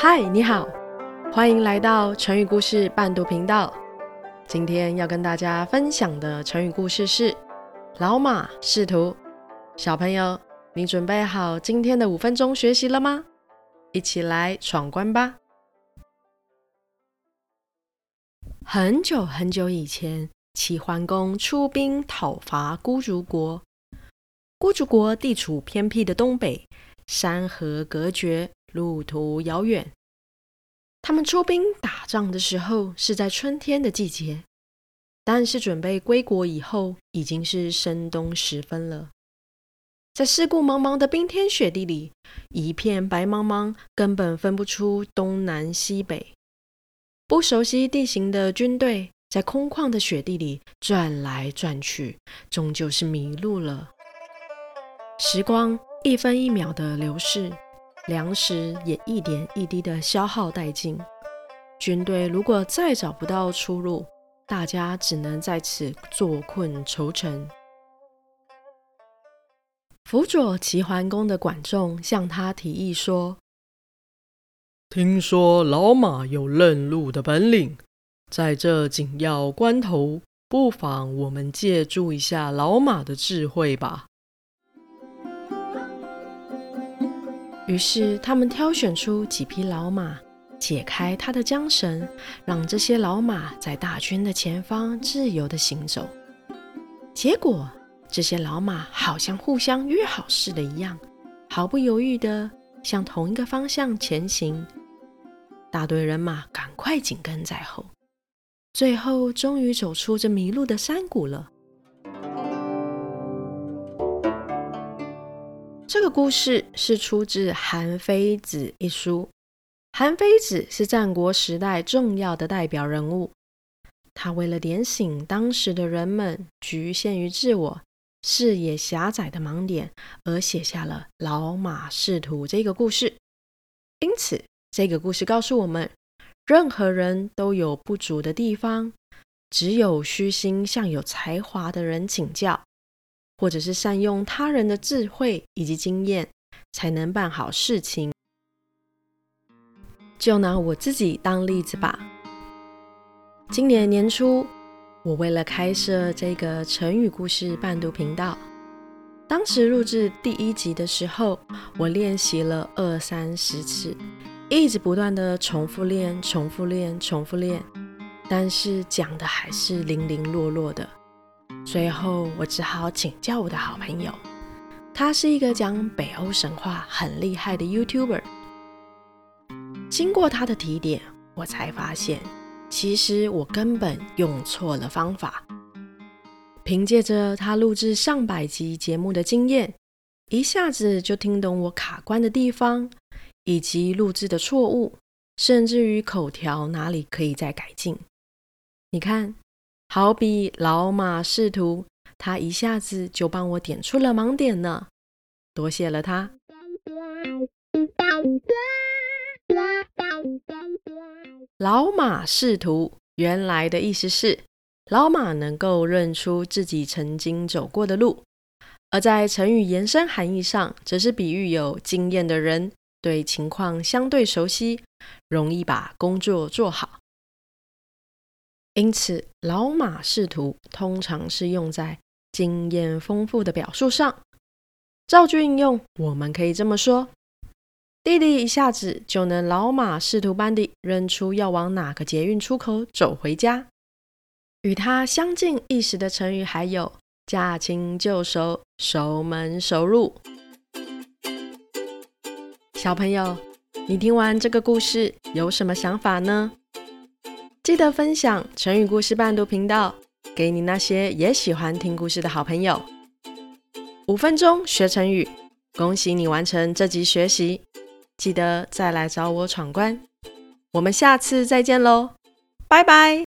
嗨，你好，歡迎來到成語故事伴讀頻道。今天要跟大家分享的成語故事是“老馬識途”。小朋友，你準備好今天的五分鐘學習了嗎？一起來闖關吧！很久很久以前，齊桓公出兵討伐孤竹國。孤竹國地處偏僻的東北，山河隔絕。路途遙遠，他們出兵打仗的時候是在春天的季節，但是準備歸國以後已經是深冬時分了。在四顧茫茫的冰天雪地裡，一片白茫茫，根本分不出東南西北。不熟悉地形的軍隊在空曠的雪地裡轉來轉去，終究是迷路了。時光一分一秒的流逝。糧食也一點一滴的消耗殆盡，軍隊如果再找不到出路，大家只能在此坐困愁城。輔佐齊桓公的管仲向他提議說：“聽說老馬有認路的本領，在這緊要關頭，不妨我們借助一下老馬的智慧吧。”於是，他們挑選出幾匹老馬，解開他的韁繩，讓這些老馬在大軍的前方自由地行走。結果，這些老馬好像互相約好似的一樣，毫不猶豫地向同一個方向前行。大隊人馬趕快緊跟在後，最後終於走出這迷路的山谷了。這個故事是出自《韓非子》一書。韓非子是戰國時代重要的代表人物，他為了點醒當時的人們局限於自我、視野狹窄的盲點，而寫下了“老馬識途”這個故事。因此，這個故事告訴我們，任何人都有不足的地方，只有虛心向有才華的人請教。或者是善用他人的智慧以及經驗，才能辦好事情。就拿我自己當例子吧。今年年初，我為了開設這個成語故事伴讀頻道，當時錄制第一集的時候，我練習了二三十次，一直不斷的重複練、重複練、重複練，但是講的還是零零落落的。隨後，我只好請教我的好朋友，他是一個講北歐神話很厲害的 YouTuber。經過他的提點，我才發現，其實我根本用錯了方法。憑借着他錄製上百集節目的經驗，一下子就聽懂我卡關的地方，以及錄製的錯誤，甚至於口條哪裡可以再改進。你看。好比老馬識途，他一下子就幫我點出了盲點呢，多謝了他。老馬識途，原來的意思是老馬能夠認出自己曾經走過的路，而在成語延伸含義上，則是比喻有經驗的人對情況相對熟悉，容易把工作做好。因此，老馬識途通常是用在經驗豐富的表述上。造句應用，我們可以這麼說：弟弟一下子就能老馬識途般地認出要往哪個捷運出口走回家。與他相近意思的成語還有駕輕就熟、熟門熟路。小朋友，你聽完這個故事有什麼想法呢？記得分享成語故事伴讀頻道，給你那些也喜歡聽故事的好朋友。五分鐘學成語，恭喜你完成這集學習，記得再來找我闖關。我們下次再見嘍，拜拜。